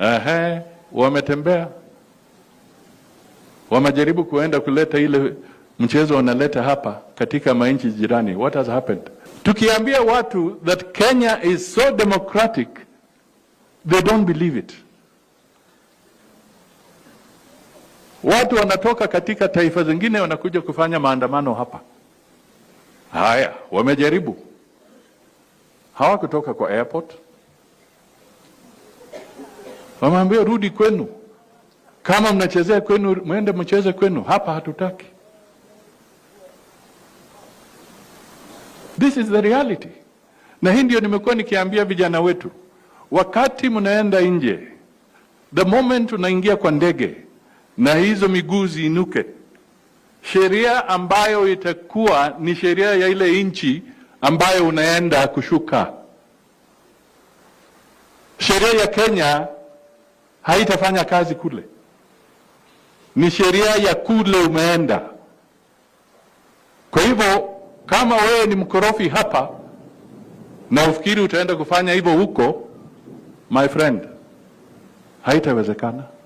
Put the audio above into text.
Ehe, wametembea, wamejaribu kuenda kuleta ile mchezo wanaleta hapa katika manchi jirani. What has happened? Tukiambia watu that Kenya is so democratic, they don't believe it. Watu wanatoka katika taifa zingine wanakuja kufanya maandamano hapa. Haya, wamejaribu, hawakutoka kwa airport Wamwambia rudi kwenu, kama mnachezea kwenu mwende mcheze kwenu, hapa hatutaki. This is the reality. Na hii ndio nimekuwa nikiambia vijana wetu, wakati mnaenda nje, the moment unaingia kwa ndege na hizo miguu ziinuke, sheria ambayo itakuwa ni sheria ya ile nchi ambayo unaenda kushuka. Sheria ya Kenya haitafanya kazi kule. Ni sheria ya kule umeenda. Kwa hivyo kama wewe ni mkorofi hapa na ufikiri utaenda kufanya hivyo huko, my friend, haitawezekana.